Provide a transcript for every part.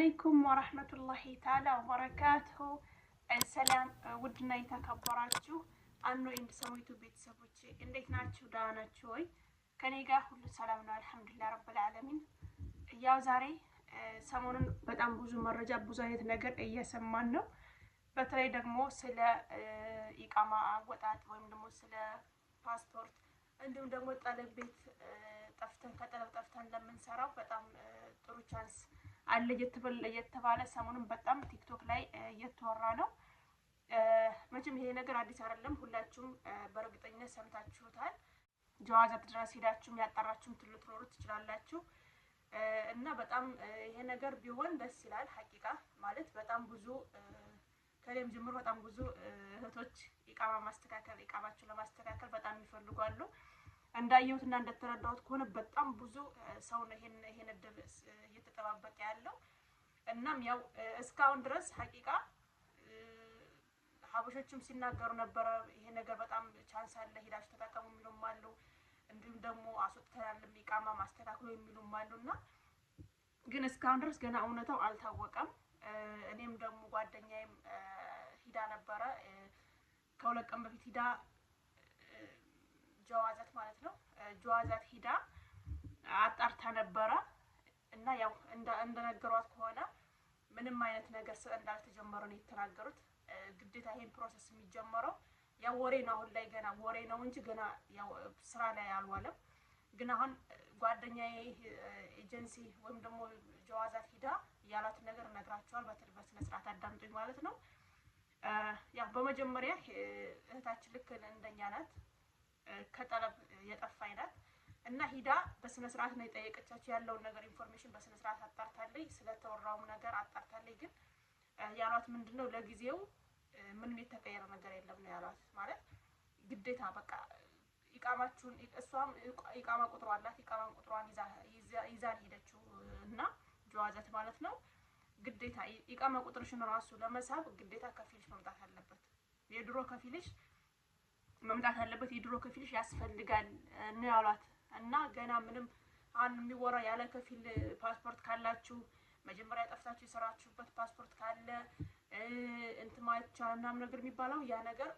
አለይኩም ወረህመቱላሂ ተዓላ ወበረካቱሁ። ሰላም ውድና የተከበራችሁ አኖ ኤንድ ሰሞቱ ቤተሰቦች እንዴት ናችሁ? ደህና ናችሁ ወይ? ከኔ ጋር ሁሉ ሰላም ነው አልሐምዱሊላህ ረብል ዓለሚን። ያው ዛሬ ሰሞኑን በጣም ብዙ መረጃ ብዙ አይነት ነገር እየሰማን ነው። በተለይ ደግሞ ስለ ኢቃማ አወጣጥ ወይም ደግሞ ስለ ፓስፖርት እንዲሁም ደግሞ ጠለብ ቤት ጠፍተን ከጠለብ ጠፍተን ለምንሰራው በጣም ጥሩ ቻንስ አለ እየተባለ ሰሞኑን በጣም ቲክቶክ ላይ እየተወራ ነው። መቼም ይሄ ነገር አዲስ አይደለም። ሁላችሁም በእርግጠኝነት ሰምታችሁታል። ጀዋዛት ድረስ ሄዳችሁም ያጣራችሁም ልትኖሩ ትችላላችሁ። እና በጣም ይሄ ነገር ቢሆን ደስ ይላል። ሀቂቃ ማለት በጣም ብዙ ከእኔም ጀምሮ በጣም ብዙ እህቶች ኢቃማ ማስተካከል ኢቃማቸውን ለማስተካከል በጣም ይፈልጓሉ። እንዳየሁት እና እንደተረዳሁት ከሆነ በጣም ብዙ ሰው ነው ይሄን ይሄን እድል እየተጠባበቀ ያለው። እናም ያው እስካሁን ድረስ ሀቂቃ ሀበሾችም ሲናገሩ ነበረ። ይሄ ነገር በጣም ቻንስ አለ፣ ሄዳችሁ ተጠቀሙ የሚሉም አሉ። እንዲሁም ደግሞ አስወጥተናል የሚቃማ ማስተካክሎ የሚሉም አሉ እና ግን እስካሁን ድረስ ገና እውነታው አልታወቀም። እኔም ደግሞ ጓደኛዬም ሂዳ ነበረ ከሁለት ቀን በፊት ሂዳ ጀዋዛት ማለት ነው። ጀዋዛት ሂዳ አጣርታ ነበረ እና ያው እንደነገሯት ከሆነ ምንም አይነት ነገር እንዳልተጀመረ ነው የተናገሩት። ግዴታ ይሄን ፕሮሰስ የሚጀመረው ያው ወሬ ነው። አሁን ላይ ገና ወሬ ነው እንጂ ገና ያው ስራ ላይ አልዋለም። ግን አሁን ጓደኛ ኤጀንሲ ወይም ደግሞ ጀዋዛት ሂዳ ያላት ነገር እነግራቸዋል። በስነ ስርዓት አዳምጡኝ ማለት ነው። ያው በመጀመሪያ እህታችን ልክ እንደኛ ናት። ከጠለብ የጠፋ አይነት እና ሂዳ በስነ ስርዓት ነው የጠየቀቻቸው። ያለውን ነገር ኢንፎርሜሽን በስነ ስርዓት አጣርታለኝ፣ ስለተወራውም ነገር አጣርታለኝ። ግን ያሏት ምንድን ነው ለጊዜው ምንም የተቀየረ ነገር የለም ነው ያሏት። ማለት ግዴታ በቃ ኢቃማችሁን እሷም ኢቃማ ቁጥሯ አላት። ኢቃማ ቁጥሯን ይዛን ሄደችው እና ጀዋዘት ማለት ነው ግዴታ ኢቃማ ቁጥርሽን ራሱ ለመሳብ ግዴታ ከፊልሽ መምጣት አለበት የድሮ ከፊልሽ መምጣት አለበት። የድሮ ከፊልሽ ያስፈልጋል ነው ያሏት እና ገና ምንም አንድ የሚወራ ያለ ከፊል ፓስፖርት ካላችሁ መጀመሪያ ጠፍታችሁ የሰራችሁበት ፓስፖርት ካለ እንትማቻ ምናምን ነገር የሚባለው ያ ነገር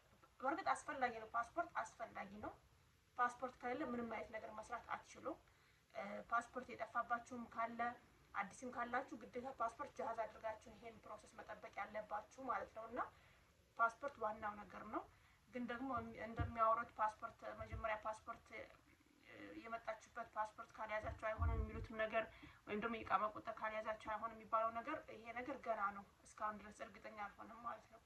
በእርግጥ አስፈላጊ ነው። ፓስፖርት አስፈላጊ ነው። ፓስፖርት ከሌለ ምንም አይነት ነገር መስራት አትችሉም። ፓስፖርት የጠፋባችሁም ካለ አዲስም ካላችሁ ግዴታ ፓስፖርት ጃሃዝ አድርጋችሁ ይሄን ፕሮሰስ መጠበቅ ያለባችሁ ማለት ነው እና ፓስፖርት ዋናው ነገር ነው። ግን ደግሞ እንደሚያወሩት ፓስፖርት መጀመሪያ ፓስፖርት የመጣችበት ፓስፖርት ካልያዛቸው አይሆንም የሚሉትም ነገር ወይም ደግሞ የኢቃማ ቁጥር ካልያዛቸው አይሆንም የሚባለው ነገር ይሄ ነገር ገና ነው። እስካሁን ድረስ እርግጠኛ አልሆነም ማለት ነው።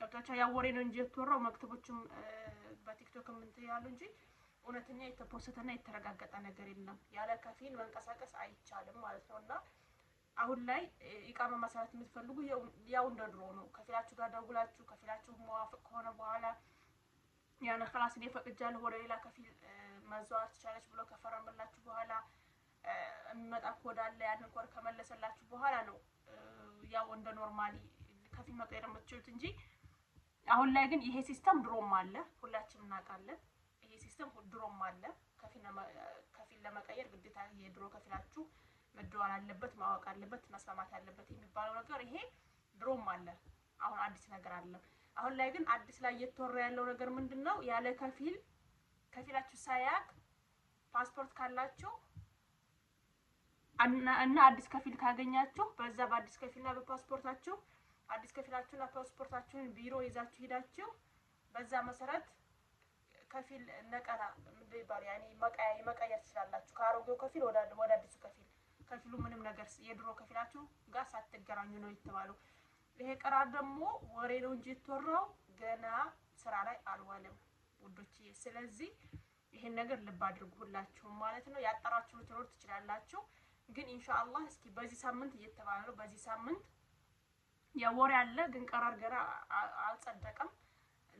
ገብቶቻ ያወሬ ነው እንጂ የተወራው መክትቦችም በቲክቶክ ምንት ያሉ እንጂ እውነተኛ የተፖሰተና የተረጋገጠ ነገር የለም። ያለ ከፊል መንቀሳቀስ አይቻልም ማለት ነው እና አሁን ላይ ኢቃመ ማሰራት የምትፈልጉ ያው እንደ ድሮ ነው። ከፊላችሁ ጋር ደውላችሁ ከፊላችሁ መዋፍቅ ከሆነ በኋላ ያን ክላስ እኔ ፈቅጃለሁ ወደ ሌላ ከፊል መዘዋወር ትቻለች ብሎ ከፈረመላችሁ በኋላ የሚመጣ ኮድ አለ። ያን ኮድ ከመለሰላችሁ በኋላ ነው ያው እንደ ኖርማሊ ከፊል መቀየር የምትችሉት እንጂ አሁን ላይ ግን ይሄ ሲስተም ድሮም አለ፣ ሁላችንም እናውቃለን። ይሄ ሲስተም ድሮም አለ። ከፊል ለመቀየር ግዴታ የድሮ ከፊላችሁ መደዋል አለበት፣ ማወቅ አለበት፣ መስማማት አለበት የሚባለው ነገር ይሄ ድሮም አለ። አሁን አዲስ ነገር አለም። አሁን ላይ ግን አዲስ ላይ እየተወራ ያለው ነገር ምንድን ነው? ያለ ከፊል ከፊላችሁ ሳያቅ ፓስፖርት ካላችሁ እና አዲስ ከፊል ካገኛችሁ በዛ በአዲስ ከፊልና በፓስፖርታችሁ አዲስ ከፊላችሁና ፓስፖርታችሁን ቢሮ ይዛችሁ ሄዳችሁ በዛ መሰረት ከፊል ነቀራ ምንድን ይባል ያኔ መቀያ መቀየር ትችላላችሁ። ከአሮጌው ከፊል ወደ አዲሱ ከፊል ከፊሉ ምንም ነገር የድሮ ከፊላችሁ ጋር ሳትገናኙ ነው የተባለው። ይሄ ቀራር ደግሞ ወሬ ነው እንጂ የተወራው ገና ስራ ላይ አልዋለም ውዶችዬ። ስለዚህ ይሄን ነገር ልብ አድርጉ ሁላችሁም ማለት ነው። ያጠራችሁ ልትኖር ትችላላችሁ፣ ግን ኢንሻአላህ እስኪ በዚህ ሳምንት እየተባለ ነው። በዚህ ሳምንት የወሬ አለ፣ ግን ቀራር ገና አልጸደቀም።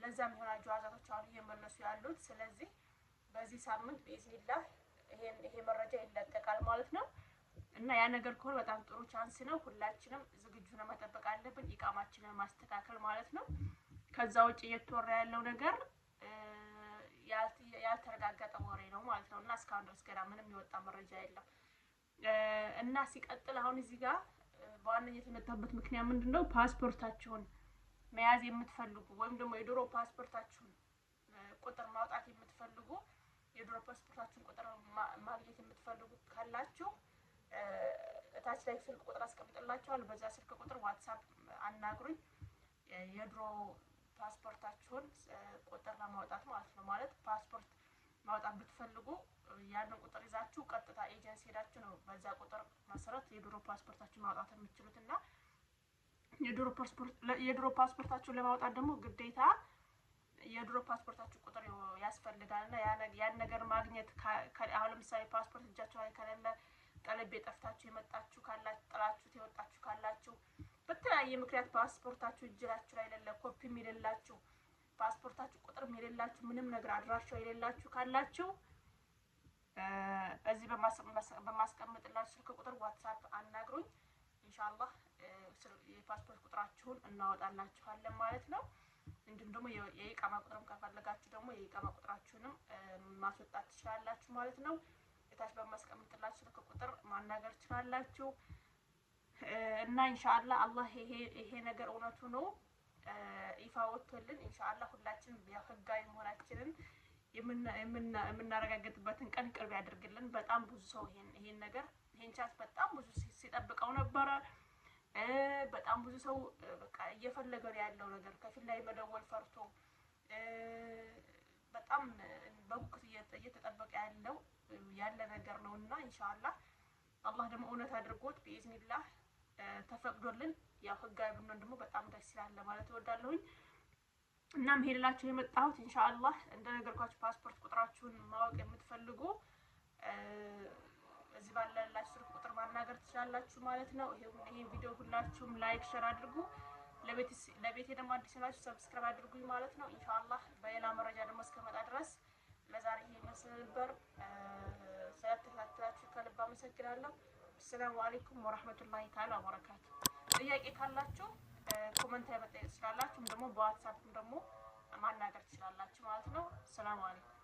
ለዛም የሆናጁ አዛቶች አሁን እየመለሱ ያሉት። ስለዚህ በዚህ ሳምንት ብኢዝኒላህ ይሄ መረጃ ይለቀቃል ማለት ነው። እና ያ ነገር ከሆነ በጣም ጥሩ ቻንስ ነው። ሁላችንም ዝግጁ ነው መጠበቅ አለብን፣ ኢቃማችንን ማስተካከል ማለት ነው። ከዛ ውጭ እየተወራ ያለው ነገር ያልተረጋገጠ ወሬ ነው ማለት ነው እና እስካሁን ድረስ ገና ምንም የወጣ መረጃ የለም እና ሲቀጥል አሁን እዚህ ጋር በዋነኝነት የመጣበት ምክንያት ምንድን ነው? ፓስፖርታችሁን መያዝ የምትፈልጉ ወይም ደግሞ የድሮ ፓስፖርታችሁን ቁጥር ማውጣት የምትፈልጉ የድሮ ፓስፖርታችሁን ቁጥር ማግኘት የምትፈልጉ ካላችሁ እታች ላይ ስልክ ቁጥር አስቀምጥላችኋል። በዛ ስልክ ቁጥር ዋትሳፕ አናግሩኝ። የድሮ ፓስፖርታችሁን ቁጥር ለማውጣት ማለት ነው። ማለት ፓስፖርት ማውጣት ብትፈልጉ ያንን ቁጥር ይዛችሁ ቀጥታ ኤጀንሲ ሄዳችሁ ነው በዛ ቁጥር መሰረት የድሮ ፓስፖርታችሁን ማውጣት የምትችሉት እና የድሮ ፓስፖርታችሁን ለማውጣት ደግሞ ግዴታ የድሮ ፓስፖርታችሁ ቁጥር ያስፈልጋል እና ያን ነገር ማግኘት አሁን ለምሳሌ ፓስፖርት እጃችሁ ላይ ከሌለ ቀለቤ ጠፍታችሁ የመጣችሁ ካላችሁ ጥላችሁት የወጣችሁ ካላችሁ በተለያየ ምክንያት ፓስፖርታችሁ እጅላችሁ ላይ የሌለ ኮፒም የሌላችሁ ፓስፖርታችሁ ቁጥርም የሌላችሁ ምንም ነገር አድራሻው የሌላችሁ ካላችሁ እዚህ በማስቀምጥላችሁ ስልክ ቁጥር ዋትሳፕ አናግሩኝ። ኢንሻአላህ የፓስፖርት ቁጥራችሁን እናወጣላችኋለን ማለት ነው። እንዲሁም ደግሞ የኢቃማ ቁጥርም ከፈለጋችሁ ደግሞ የኢቃማ ቁጥራችሁንም ማስወጣት ትችላላችሁ ማለት ነው። ከታች በማስቀምጥላችሁ ስልክ ቁጥር ማናገር ትችላላችሁ። እና ኢንሻአላህ አላህ ይሄ ነገር እውነቱ ነው ይፋ ወጥቶልን ኢንሻአላህ ሁላችንም ህጋዊ መሆናችንን የምናረጋግጥበትን ቀን ቅርብ ያደርግልን። በጣም ብዙ ሰው ይሄን ነገር ይሄን ቻት በጣም ብዙ ሲጠብቀው ነበረ። በጣም ብዙ ሰው በቃ እየፈለገ ነው ያለው ነገር ከፊት ላይ መደወል ፈርቶ በጣም በጉጉት እየተጠበቀ ያለው ያለ ነገር ነው እና ኢንሻአላህ አላህ ደግሞ እውነት አድርጎት ቢኢዝኒላህ ተፈቅዶልን ያው ህጋዊ ብንሆን ደግሞ በጣም ደስ ይላል ለማለት እወዳለሁኝ። እናም ሄድላችሁ የመጣሁት ኢንሻአላህ እንደነገርኳችሁ ፓስፖርት ቁጥራችሁን ማወቅ የምትፈልጉ እዚህ ባለላችሁ ስልክ ቁጥር ማናገር ትችላላችሁ ማለት ነው። ይሄ ቪዲዮ ሁላችሁም ላይክ፣ ሼር አድርጉ። ለቤቴ ደግሞ አዲስ ናችሁ ሰብስክራይብ አድርጉኝ ማለት ነው። ኢንሻአላህ በሌላ መረጃ ደግሞ እስከመጣ ድረስ ለዛሬ ይመስል ነበር። አመሰግናለሁ። አሰላሙ አሌይኩም ወረህመቱላሂ ታላ ወበረካቱ። ጥያቄ ካላችሁ ኮመንት ላይ መጠየቅ ትችላላችሁ። ደግሞ በዋትሳፕም ደግሞ ማናገር ትችላላችሁ ማለት ነው። አሰላሙ አሌይኩም